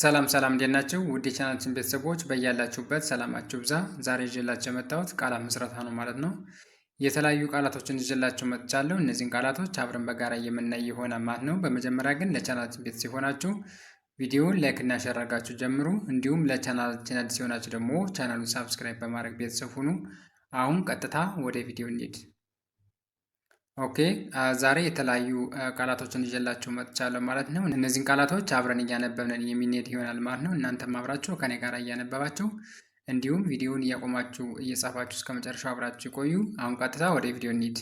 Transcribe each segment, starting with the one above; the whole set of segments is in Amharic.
ሰላም ሰላም እንዴት ናችሁ? ውድ የቻናላችን ቤተሰቦች በያላችሁበት ሰላማችሁ ብዛ። ዛሬ ይዤላችሁ የመጣሁት ቃላት ምስረታ ነው ማለት ነው። የተለያዩ ቃላቶችን ይዤላችሁ መጥቻለሁ። እነዚህን ቃላቶች አብረን በጋራ የምናይ የሆነ ማለት ነው። በመጀመሪያ ግን ለቻናላችን ቤተሰብ ሲሆናችሁ ቪዲዮውን ላይክ እና ሼር አድርጋችሁ ጀምሩ። እንዲሁም ለቻናላችን አዲስ ደግሞ ቻናሉን ሳብስክራይብ በማድረግ ቤተሰብ ሁኑ። አሁን ቀጥታ ወደ ቪዲዮ እንሂድ። ኦኬ ዛሬ የተለያዩ ቃላቶችን ይዤላችሁ መጥቻለሁ ማለት ነው። እነዚህን ቃላቶች አብረን እያነበብነን የምንሄድ ይሆናል ማለት ነው። እናንተም አብራችሁ ከኔ ጋር እያነበባችሁ እንዲሁም ቪዲዮውን እያቆማችሁ እየጻፋችሁ እስከ መጨረሻው አብራችሁ ይቆዩ። አሁን ቀጥታ ወደ ቪዲዮ እንሂድ።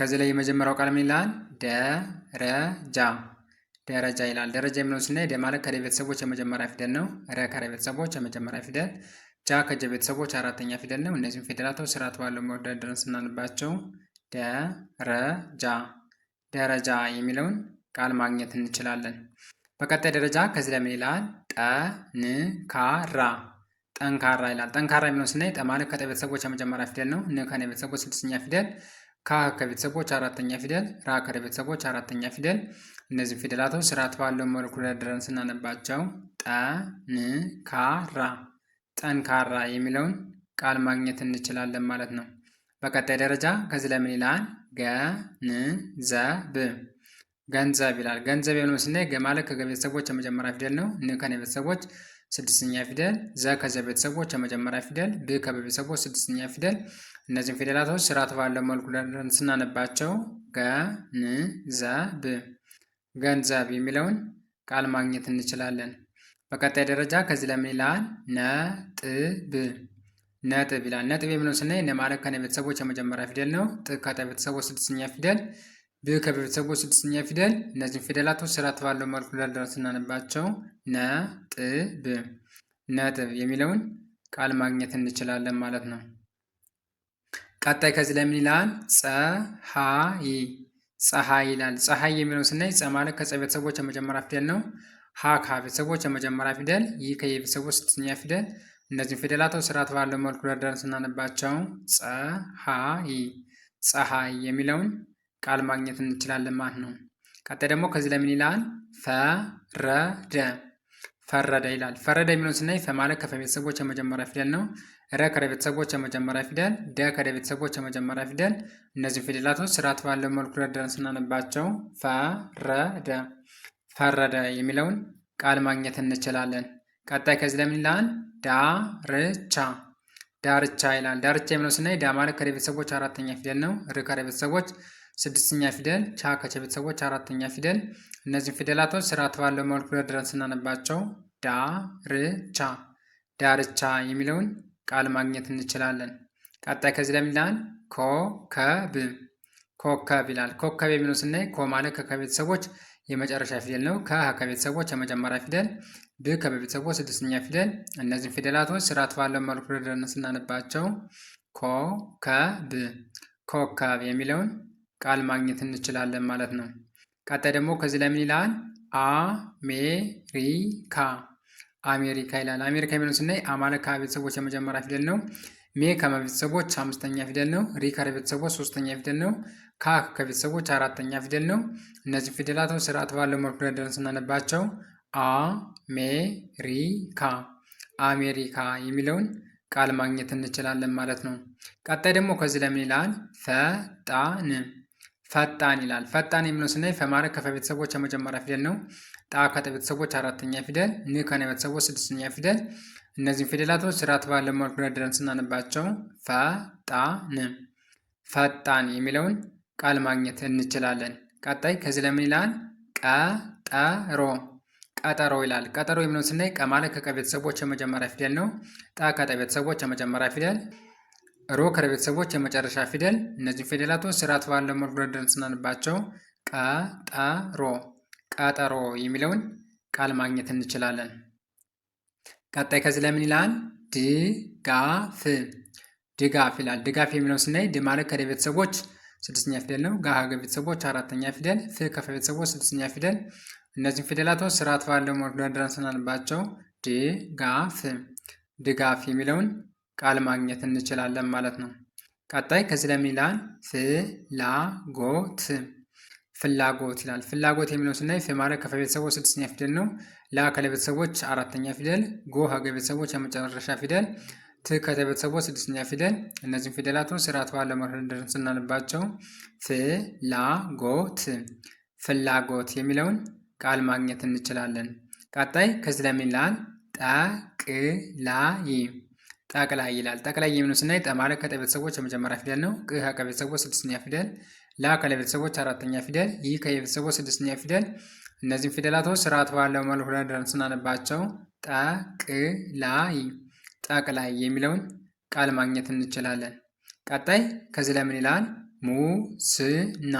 ከዚህ ላይ የመጀመሪያው ቃል ምን ይላል? ደረጃ ደረጃ ይላል። ደረጃ የሚለውን ስናይ ደ ማለት ከደ ቤተሰቦች የመጀመሪያ ፊደል ነው። ረ ከረ ቤተሰቦች የመጀመሪያ ፊደል፣ ጃ ከጀ ቤተሰቦች አራተኛ ፊደል ነው። እነዚህም ፊደላቶች ስርዓት ባለው መወዳደርን ስናንባቸው ደረጃ ደረጃ የሚለውን ቃል ማግኘት እንችላለን። በቀጣይ ደረጃ ከዚህ ለምን ይላል? ጠንካራ ጠንካራ ይላል። ጠንካራ የሚለውን ስናይ ጠ ማለት ከጠ ቤተሰቦች የመጀመሪያ ፊደል ነው። ን ከነ ቤተሰቦች ስድስተኛ ፊደል፣ ካ ከቤተሰቦች አራተኛ ፊደል፣ ራ ከረ ቤተሰቦች አራተኛ ፊደል። እነዚህ ፊደላቶች ስርዓት ባለው መልኩ ደርድረን ስናነባቸው ጠንካራ ጠንካራ የሚለውን ቃል ማግኘት እንችላለን ማለት ነው። በቀጣይ ደረጃ ከዚህ ለምን ይላል ገንዘብ ገንዘብ ይላል። ገንዘብ የሚለውን ስናይ ገ ማለት ከገ ቤተሰቦች የመጀመሪያ ፊደል ነው። ን ከነ ቤተሰቦች ስድስተኛ ፊደል፣ ዘ ከዘ ቤተሰቦች የመጀመሪያ ፊደል፣ ብ ከበ ቤተሰቦች ስድስተኛ ፊደል። እነዚህም ፊደላቶች ስርዓት ባለው መልኩ ደርድረን ስናነባቸው ገንዘብ ገንዘብ የሚለውን ቃል ማግኘት እንችላለን። በቀጣይ ደረጃ ከዚህ ለምን ይላል ነጥብ ነጥብ ይላል። ነጥብ የሚለውን ስናይ ነ ማለት ከነ ቤተሰቦች የመጀመሪያ ፊደል ነው። ጥ ከጠ ቤተሰቦች ስድስተኛ ፊደል፣ ብ ከቤተሰቦች ስድስተኛ ፊደል። እነዚህን ፊደላቶች ስርዓት ባለው መልኩ ደርድረን ስናነባቸው ነጥብ ነጥብ የሚለውን ቃል ማግኘት እንችላለን ማለት ነው። ቀጣይ ከዚህ ለምን ይላል? ፀሐይ ፀሐይ ይላል። ፀሐይ የሚለውን ስናይ ፀ ማለት ከፀ ቤተሰቦች የመጀመሪያ ፊደል ነው። ሀ ከሀ ቤተሰቦች የመጀመሪያ ፊደል፣ ይህ ከየ ቤተሰቦች ስድስተኛ ፊደል እነዚህ ፊደላት ስርዓት ባለው መልኩ ደርደር ስናነባቸው ፀሐይ ፀሐይ የሚለውን ቃል ማግኘት እንችላለን ማለት ነው። ቀጣይ ደግሞ ከዚህ ለምን ይላል ፈረደ ፈረደ ይላል። ፈረደ የሚለውን ስናይ ፈ ማለት ከፈ ቤተሰቦች የመጀመሪያ ፊደል ነው። ረ ከረ ቤተሰቦች የመጀመሪያ ፊደል፣ ደ ከደ ቤተሰቦች የመጀመሪያ ፊደል። እነዚህ ፊደላቶች ስርዓት ባለው መልኩ ደርደር ስናነባቸው ፈረደ ፈረደ የሚለውን ቃል ማግኘት እንችላለን። ቀጣይ ከዚህ ለምን ይላል? ዳርቻ ዳርቻ ይላል። ዳርቻ የሚለው ስናይ ዳ ማለት ከደ ቤተሰቦች አራተኛ ፊደል ነው። ር ከረ ቤተሰቦች ስድስተኛ ፊደል፣ ቻ ከቸ ቤተሰቦች አራተኛ ፊደል። እነዚህ ፊደላቶች ስርዓት ባለው መልኩ ደርድረን ስናነባቸው ዳርቻ ዳርቻ የሚለውን ቃል ማግኘት እንችላለን። ቀጣይ ከዚህ ለምን ይላል? ኮከብ ኮከብ ይላል። ኮከብ የሚለው ስናይ ኮ ማለት ከከ ቤተሰቦች የመጨረሻ ፊደል ነው። ከ ከቤተሰቦች የመጀመሪያ ፊደል፣ ብ ከቤተሰቦች ስድስተኛ ፊደል። እነዚህም ፊደላቶች ስርዓት ባለው መልኩ ደርድረን ስናነባቸው ኮ፣ ከ፣ ብ ኮከብ የሚለውን ቃል ማግኘት እንችላለን ማለት ነው። ቀጣይ ደግሞ ከዚህ አ ሜ ሪ አሜሪካ አሜሪካ ይላል። አሜሪካ የሚለውን ስናይ አማለ ቤተሰቦች የመጀመሪያ ፊደል ነው። ሜ ከመቤተሰቦች አምስተኛ ፊደል ነው። ሪ ከቤተሰቦች ሶስተኛ ፊደል ነው። ካ ከቤተሰቦች አራተኛ ፊደል ነው። እነዚህ ፊደላት ስርዓት ባለው መልኩ ደርድረን ስናነባቸው ካ አሜሪካ የሚለውን ቃል ማግኘት እንችላለን ማለት ነው። ቀጣይ ደግሞ ከዚህ ለምን ይላል ፈጣን ፈጣን ይላል። ፈጣን የሚለውን ስናይ ፈማረግ ከፈ ቤተሰቦች የመጀመሪያ ፊደል ነው። ጣ ከጠ ቤተሰቦች አራተኛ ፊደል። ን ከነ ቤተሰቦች ስድስተኛ ፊደል እነዚህ ፊደላቶች ስርዓት ባለ መልኩ ደርድረን ስናነባቸው ፈጣን ፈጣን የሚለውን ቃል ማግኘት እንችላለን። ቀጣይ ከዚህ ለምን ይላል ቀጠሮ ቀጠሮ ይላል። ቀጠሮ የሚለውን ስናይ ቀ ማለት ከቀ ቤተሰቦች የመጀመሪያ ፊደል ነው። ጣ ከጠ ቤተሰቦች የመጀመሪያ ፊደል፣ ሮ ከረ ቤተሰቦች የመጨረሻ ፊደል። እነዚህ ፊደላቶች ስርዓት ባለ መልኩ ደርድረን ስናነባቸው ቀጠሮ ቀጠሮ የሚለውን ቃል ማግኘት እንችላለን። ቀጣይ ከዚህ ለምን ይላል? ድጋፍ ድጋፍ ይላል። ድጋፍ የሚለው ስናይ ድ ማለት ከደ ቤተሰቦች ስድስተኛ ፊደል ነው። ጋ ከገ ቤተሰቦች አራተኛ ፊደል፣ ፍ ከፈ ቤተሰቦች ስድስተኛ ፊደል። እነዚህም ፊደላቶች ስርዓት ባለው መልኩ ደርድረን ድጋፍ ድጋፍ የሚለውን ቃል ማግኘት እንችላለን ማለት ነው። ቀጣይ ከዚህ ለምን ይላል? ፍላጎት ፍላጎት ይላል። ፍላጎት የሚለው ስናይ ፌማረ ከፈ ቤተሰቦች ስድስተኛ ፊደል ነው። ላ ከለ ቤተሰቦች አራተኛ ፊደል፣ ጎ ሀገ ቤተሰቦች የመጨረሻ ፊደል፣ ት ከተ ቤተሰቦች ስድስተኛ ፊደል። እነዚህም ፊደላቱን ስርዓት ባለው ላ ጎ ት ፍላጎት የሚለውን ቃል ማግኘት እንችላለን። ቀጣይ ከዚህ ላይ ምን ይላል? ጠቅላይ ጠቅላይ ይላል። ጠቅላይ የሚለው ስናይ ጠማረ ከጠ ቤተሰቦች የመጀመሪያ ፊደል ነው። ቅ ከቀ ቤተሰቦች ስድስተኛ ፊደል ላ ከለቤተሰቦች አራተኛ ፊደል፣ ይህ ከየቤተሰቦች ስድስተኛ ፊደል። እነዚህም ፊደላቶች ስርዓት ባለው መልኩ ደርድረን ስናነባቸው ጠቅላይ ጠቅላይ የሚለውን ቃል ማግኘት እንችላለን። ቀጣይ ከዚህ ለምን ይላል? ሙስና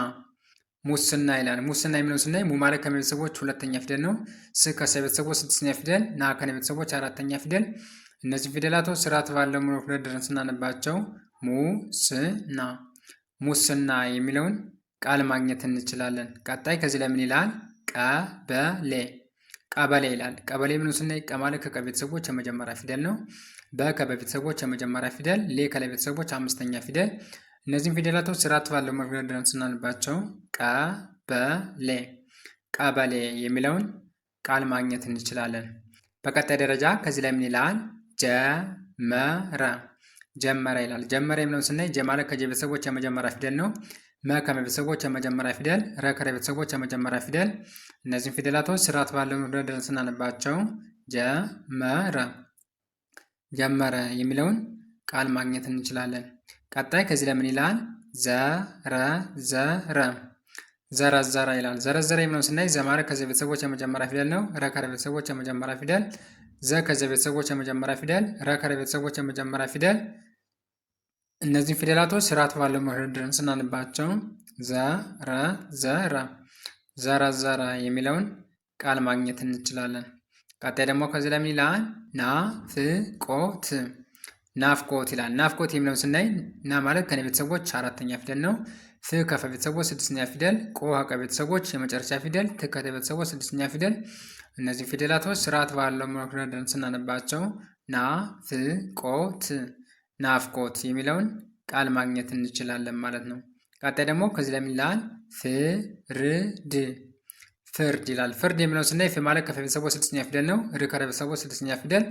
ሙስና ይላል። ሙስና የሚለውን ስናይ ሙ ማለት ከቤተሰቦች ሁለተኛ ፊደል ነው። ስ ከቤተሰቦች ስድስተኛ ፊደል፣ ና ከቤተሰቦች አራተኛ ፊደል። እነዚህ ፊደላቶች ስርዓት ባለው መልኩ ደርድረን ስናነባቸው ሙስና ሙስና የሚለውን ቃል ማግኘት እንችላለን። ቀጣይ ከዚህ ለምን ይላል ቀበሌ ቀበሌ ይላል። ቀበሌ ምን ስናይ ቀ ማለት ከቀ የመጀመሪያ ፊደል ነው። በ ከበ የመጀመሪያ ፊደል፣ ሌ ከለ ቤተሰቦች አምስተኛ ፊደል። እነዚህም ፊደላቶች ስርዓት ባለው መልኩ ደርድረን ቀበሌ ቀበሌ የሚለውን ቃል ማግኘት እንችላለን። በቀጣይ ደረጃ ከዚህ ለምን ይላል ጀመረ ጀመረ ይላል። ጀመረ የሚለውን ስናይ ጀማለ ከጀ ቤተሰቦች የመጀመሪያ ፊደል ነው። መ ከመ ቤተሰቦች የመጀመሪያ ፊደል፣ ረ ከረ ቤተሰቦች የመጀመሪያ ፊደል። እነዚህም ፊደላቶች ስርዓት ባለው ደደን ስናነባቸው ጀመረ ጀመረ የሚለውን ቃል ማግኘት እንችላለን። ቀጣይ ከዚህ ለምን ይላል? ዘረ ዘረዘረ ይላል። ዘረዘረ የሚለውን ስናይ ዘማረ ከዚህ ቤተሰቦች የመጀመሪያ ፊደል ነው። ረከረ ቤተሰቦች የመጀመሪያ ፊደል ዘ ከዘ ቤተሰቦች የመጀመሪያ ፊደል፣ ረ ከረ ቤተሰቦች የመጀመሪያ ፊደል። እነዚህ ፊደላቶች ስርዓት ባለው መደርደር ስናንባቸው ዘ ረ ዘ ራ ዘራ ዘራ የሚለውን ቃል ማግኘት እንችላለን። ቀጣይ ደግሞ ከዚህ ላይ ይላል? ናፍቆት ናፍቆት ይላል። ናፍቆት የሚለውን ስናይ ና ማለት ከነ ቤተሰቦች አራተኛ ፊደል ነው። ፍ ከፈ ቤተሰቦች ስድስተኛ ፊደል፣ ቆ ከቀ ቤተሰቦች የመጨረሻ ፊደል፣ ት ከተ ቤተሰቦች ስድስተኛ ፊደል። እነዚህ ፊደላቶች ስርዓት ባለው መክረደን ስናነባቸው ና ፍ ቆ ት ናፍቆት የሚለውን ቃል ማግኘት እንችላለን ማለት ነው። ቀጣይ ደግሞ ከዚህ ለምን ይላል ፍርድ ፍርድ ይላል። ፍርድ የሚለውን ስናይ ፍ ማለት ከፈ ቤተሰቦች ስድስተኛ ፊደል ነው። ር ከረ ቤተሰቦች ስድስተኛ ፊደል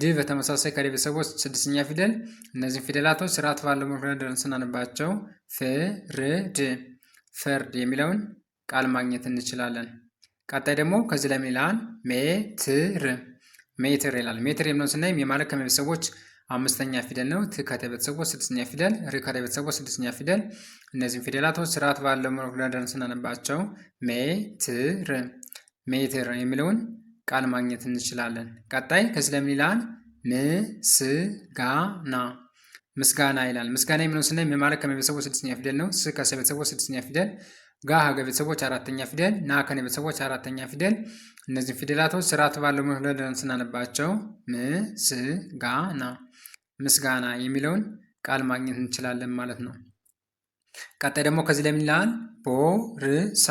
ድ በተመሳሳይ ከደ ቤተሰቦች ስድስተኛ ፊደል። እነዚህም ፊደላቶች ስርዓት ባለው መልኩ ስናነባቸው ፍርድ ፍርድ የሚለውን ቃል ማግኘት እንችላለን። ቀጣይ ደግሞ ከዚህ ለሚላን ሜትር ሜትር ይላል። ሜትር የሚለውን ስናይ የማለት ከቤተሰቦች አምስተኛ ፊደል ነው። ት ከተ ቤተሰቦች ስድስተኛ ፊደል፣ ር ከረ ቤተሰቦች ስድስተኛ ፊደል። እነዚህም ፊደላቶች ስርዓት ባለው መልኩ ስናነባቸው ሜትር ሜትር የሚለውን ቃል ማግኘት እንችላለን። ቀጣይ ከዚህ ለምን ይላል? ምስጋና ምስጋና ይላል። ምስጋና የሚለውን ስናይ ም ማለት ከመቤተሰቦች ስድስተኛ ፊደል ነው። ስ ከሰቤተሰቦች ስድስተኛ ፊደል፣ ጋ ከቤተሰቦች አራተኛ ፊደል፣ ና ከቤተሰቦች አራተኛ ፊደል። እነዚህ ፊደላቶች ስርዓት ባለው መሆን ስናነባቸው ምስጋና ምስጋና የሚለውን ቃል ማግኘት እንችላለን ማለት ነው። ቀጣይ ደግሞ ከዚህ ለምን ይላል? ቦርሳ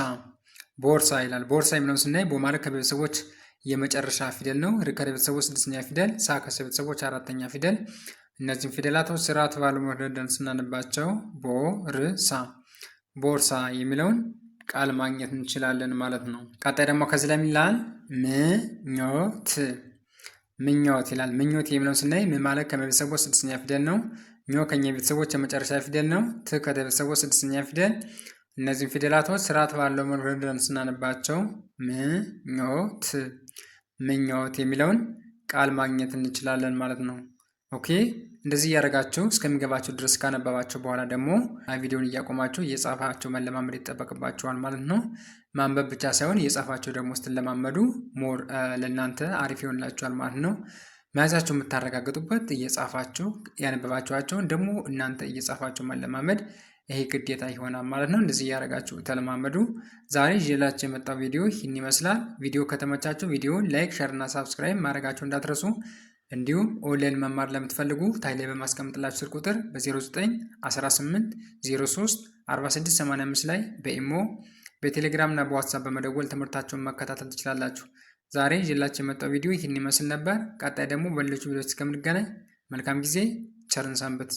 ቦርሳ ይላል። ቦርሳ የሚለውን ስናይ ቦ ማለት ከቤተሰቦች የመጨረሻ ፊደል ነው። ር ከቤተሰቦች ስድስተኛ ፊደል፣ ሳ ከቤተሰቦች አራተኛ ፊደል። እነዚህም ፊደላቶች ስርዓት ባለው መደደን ስናነባቸው ቦ ር ሳ ቦርሳ የሚለውን ቃል ማግኘት እንችላለን ማለት ነው። ቀጣይ ደግሞ ከዚህ ላይ ይላል ምኞት ምኞት ይላል። ምኞት የሚለውን ስናይ ም ማለት ከመቤተሰቦች ስድስተኛ ፊደል ነው። ኞ ከኛ ቤተሰቦች የመጨረሻ ፊደል ነው። ት ከቤተሰቦች ስድስተኛ ፊደል። እነዚህም ፊደላቶች ስርዓት ባለው መልኩ ደርድረን ስናነባቸው ምኞት ምኞት የሚለውን ቃል ማግኘት እንችላለን ማለት ነው። ኦኬ እንደዚህ እያደረጋችሁ እስከሚገባችሁ ድረስ ካነበባችሁ በኋላ ደግሞ ቪዲዮን እያቆማችሁ እየጻፋችሁ መለማመድ ይጠበቅባችኋል ማለት ነው። ማንበብ ብቻ ሳይሆን እየጻፋችሁ ደግሞ ስትለማመዱ ሞር ለእናንተ አሪፍ ይሆንላችኋል ማለት ነው። መያዛችሁ የምታረጋግጡበት እየጻፋችሁ ያነበባችኋቸውን ደግሞ እናንተ እየጻፋችሁ መለማመድ ይሄ ግዴታ ይሆናል ማለት ነው። እንደዚህ እያደረጋችሁ ተለማመዱ። ዛሬ ይዤላችሁ የመጣው ቪዲዮ ይህን ይመስላል። ቪዲዮ ከተመቻችሁ ቪዲዮ ላይክ፣ ሸር እና ሳብስክራይብ ማድረጋችሁ እንዳትረሱ። እንዲሁም ኦንላይን መማር ለምትፈልጉ ታች ላይ በማስቀምጥላችሁ ስልክ ቁጥር በ0918 03 4685 ላይ በኢሞ በቴሌግራም እና በዋትሳፕ በመደወል ትምህርታቸውን መከታተል ትችላላችሁ። ዛሬ ይዤላችሁ የመጣው ቪዲዮ ይህን ይመስል ነበር። ቀጣይ ደግሞ በሌሎች ቪዲዮዎች እስከምንገናኝ መልካም ጊዜ፣ ቸርን ሰንብት።